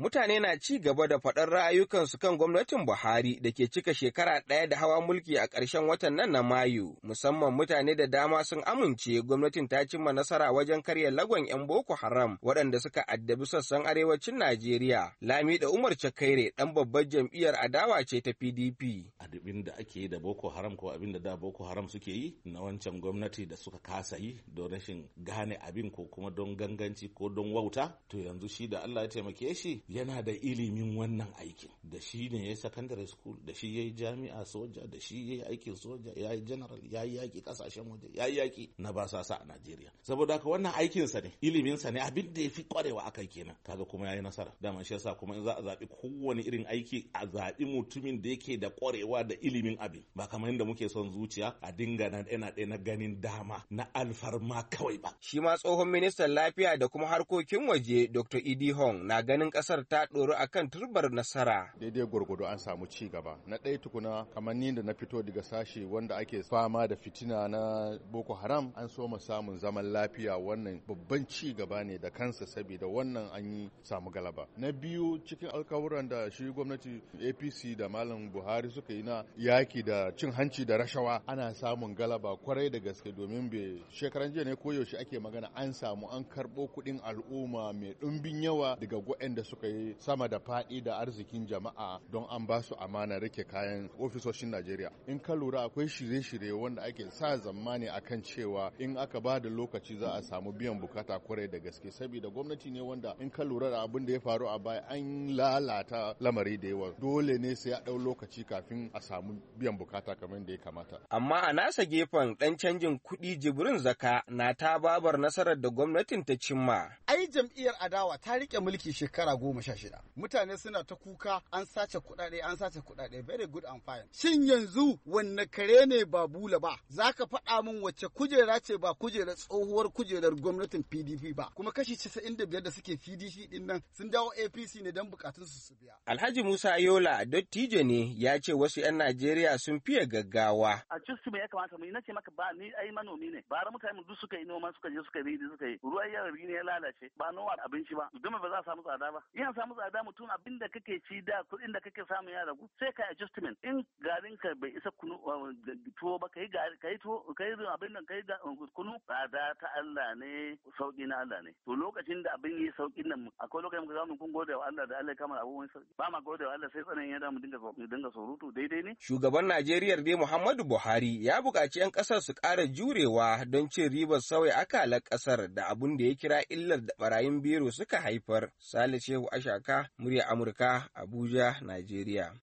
mutane na ci gaba da faɗar ra'ayukansu kan gwamnatin Buhari da ke cika shekara ɗaya da hawa mulki a ƙarshen watan nan na Mayu, musamman mutane da dama sun amince gwamnatin ta cimma nasara wajen karya lagon 'yan Boko Haram waɗanda suka addabi sassan arewacin Najeriya. Lami da Umar Chakaire ɗan babbar jam'iyyar adawa ce ta PDP. Abin da ake yi da Boko Haram ko abin da da Boko Haram suke yi na wancan gwamnati da suka kasa yi don rashin gane abin ko kuma don ganganci ko don wauta to yanzu shi da Allah ya taimake shi yana da ilimin wannan aikin da shi ne ya yi secondary school da shi ya yi jami'a soja da shi ya yi aikin soja ya yi general ya yi yaƙi ƙasashen waje ya yi yaƙi na basasa a najeriya saboda haka wannan aikinsa ne iliminsa ne abin da ya fi ƙwarewa kai kenan kaga kuma ya yi nasara dama shi yasa kuma in za a zaɓi kowane irin aiki a zaɓi mutumin da yake da ƙwarewa da ilimin abin ba kamar yadda muke son zuciya a dinga na ɗaya ɗaya na ganin dama na alfarma kawai ba. shi ma tsohon ministan lafiya da kuma harkokin waje dr idi hong na ganin ƙasar ƙasar ta ɗoru kan turbar nasara. Daidai gwargwado an samu ci gaba. Na ɗaya tukuna kamar ni da na fito daga sashe wanda ake fama da fitina na Boko Haram an so mu samun zaman lafiya wannan babban ci gaba ne da kansa saboda wannan an yi samu galaba. Na biyu cikin alkawuran da shi gwamnati APC da Malam Buhari suka yi na yaki da cin hanci da rashawa ana samun galaba kwarai da gaske domin bai shekaran jiya ne koyaushe ake magana an samu an karɓo kuɗin al'umma mai ɗumbin yawa daga waɗanda suka suka sama da faɗi da arzikin jama'a don an ba su amana rike kayan ofisoshin Najeriya. In ka lura akwai shirye-shirye wanda ake sa zamani akan cewa in aka ba da lokaci za a samu biyan bukata kwarai da gaske saboda gwamnati ne wanda in ka lura da abin da ya faru a baya an lalata lamari da yawa dole ne sai a ɗau lokaci kafin a samu biyan bukata kamar da ya kamata. Amma a nasa gefen ɗan canjin kuɗi jibrin zaka na ta babar nasarar da gwamnatin ta cimma. ai jam'iyyar adawa ta rike mulki shekara goma sha shida mutane suna ta kuka an sace kuɗaɗe an sace kuɗaɗe very good and fine shin yanzu wanne kare ne ba bula ba zaka faɗa min wacce kujera ce ba kujerar tsohuwar kujerar gwamnatin PDP ba kuma kashi casa'in da biyar da suke PDP din nan sun dawo APC ne don bukatun su su biya Alhaji Musa Ayola dottijo ne ya ce wasu 'yan Najeriya sun fiye gaggawa a cikin ya kamata mu yi nace maka ba ni ai manomi ne ba mutane mu duk suka yi noma suka je suka yi suka yi ruwa ya ne ya lalace ba nowa abinci ba Zuma ba za a samu tsada ba in samu tsada mutum abin da kake ci da kuɗin da kake samu ya ragu sai ka adjustment in garin ka bai isa kunu uh, tuwo ba kai gari kai tuwo kai abin nan kai uh, kunu tsada ta Allah ne sauki na Allah ne to lokacin da abin yi saukin nan akwai lokacin da zamu kun gode wa Allah da Allah kamar abubuwan sauki ba ma gode wa Allah sai tsanan ya da mu dinga mu dinga surutu daidai ne shugaban Najeriya dai Muhammadu Buhari ya buƙaci 'yan ƙasar su ƙara jurewa don cin ribar sauya akalar ƙasar da abun da ya kira illar da barayin biro suka haifar. Sale Shehu Ashaka, murya Amurka, Abuja, Najeriya.